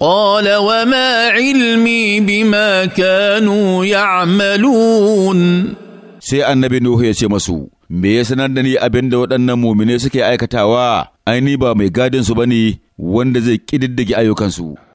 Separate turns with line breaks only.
قال وما علمي بما كانوا يعملون sai annabi Nuhu ya ce masu me ya sanar da ni abin da waɗannan mumine suke aikatawa Aini ba mai gadin su bane wanda zai ƙididdige ayyukansu